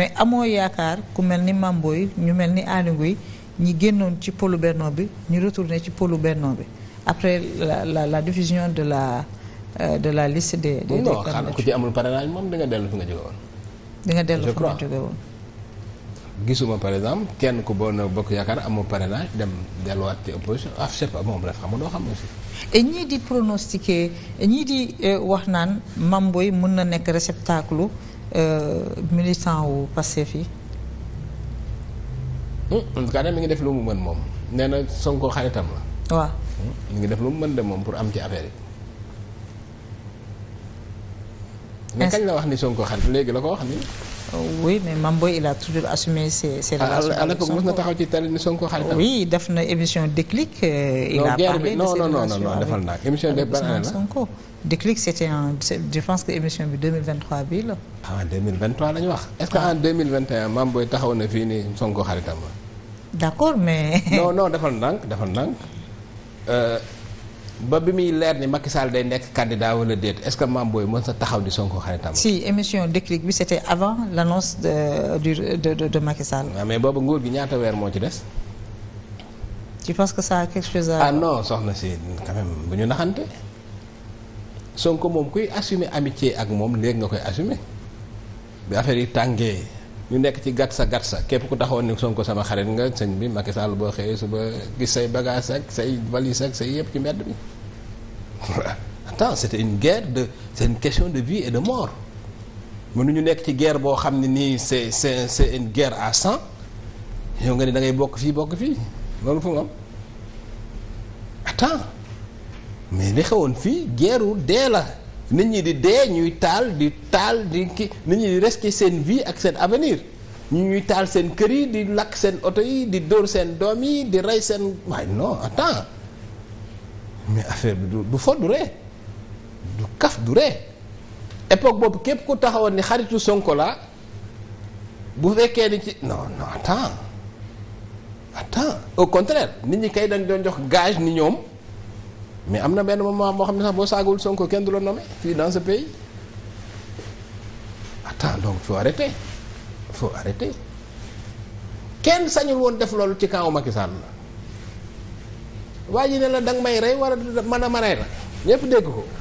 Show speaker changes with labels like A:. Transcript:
A: mais amoo yaakaar ku mel ni Mamboy ñu mel ni Aly Ngouille ñi génnoon ci pôlu Benno bi ñu retourné ci pôlu Benno bi après la la la de la euh, de la liste des. ku
B: ci amul parrainage moom di nga dellu fi nga jóge woon.
A: di dellu fi nga jóge
B: gisuma par exemple kenn ku bon bokk yaakaar amul parrainage dem delluwaat ci opposition ah je moom la xam doo xam aussi.
A: et ñii di pronostiquer ñii di euh, wax naan Mamboy mën na nekk réceptacle. Euh, militant wu Pastef yi.
B: Hmm, en tout cas nag ngi def lu mu mën moom nee na Sonko xaritam la. waaw mu hmm, ngi def lu mu mën de moom pour am ci affaire yi.
A: mais kañ la wax ni Sonko xarit léegi la ko wax ni. Euh, oui mais Mame Boye il a toujours assumé ses ses relations. à l'époque mos na
B: taxaw ci télé ni Sonko xaritam. oui
A: def na émission déclic. Euh, il a parlé de ses relations non non non defal naa ah, ah, la. ñu wax. est-ce que ah. en
B: 2021 Mame Boye taxaw na fii ni Sonko xaritam. d'accord mais. defal ndànk euh, ba bi muy leer ni Macky Sall day nekk candidat wala déet est-ce que Mame Boye mën sa taxaw di Sonko xaritam.
A: si émission déclic bi c'était avant l'annonce de du de de, de ah, mais boobu nguur gi ñaata weer moo ci des.
B: tu penses que ça a quelque chose à. ah non soxna si quand même bu ñu naxante. Sonko moom kuy assumer amitié ak moom léegi nga koy assume bi affaire yu tàngee. ñu nekk ci gat sa gat sa képp ku taxawoon ne ko sama xarit nga sëñ bi Macky saal boo xëyee suba gis say bagages ak say valise ak say yëpp ci mbedd bi attends c'était une guerre de seen question de vie et de mort ñu nekk ci guerre boo xam ne nii c'est c'est c'est une guerre à sang yow nga ne da ngay bokk fii bokk fii loolu fu mu am mais li xewoon fii guerre dee la nit ñi di dee ñuy taal di taal di ki nit ñi di risquer seen vie ak seen avenir ñu ñuy taal seen kër yi di lakk seen oto yi di dóor seen doom yi di rey seen waaye non attends mais affaire bi du fo du ree du kaf du ree époque boobu képp ku taxawoon ni xaritu Sonko bu fekkee ni ci non non attends attends au contraire nit ñi kay dañ doon jox gage ni ñoom mais am na benn moment moo xam ne sax boo saagawul Sonko kenn du la nommé fii dans ce pays attends donc faut arrêter faut arrêter kenn sañul woon def loolu ci camp Macky la
A: waa ji ne la danga may rey wala mën a ma rey la ñëpp dégg ko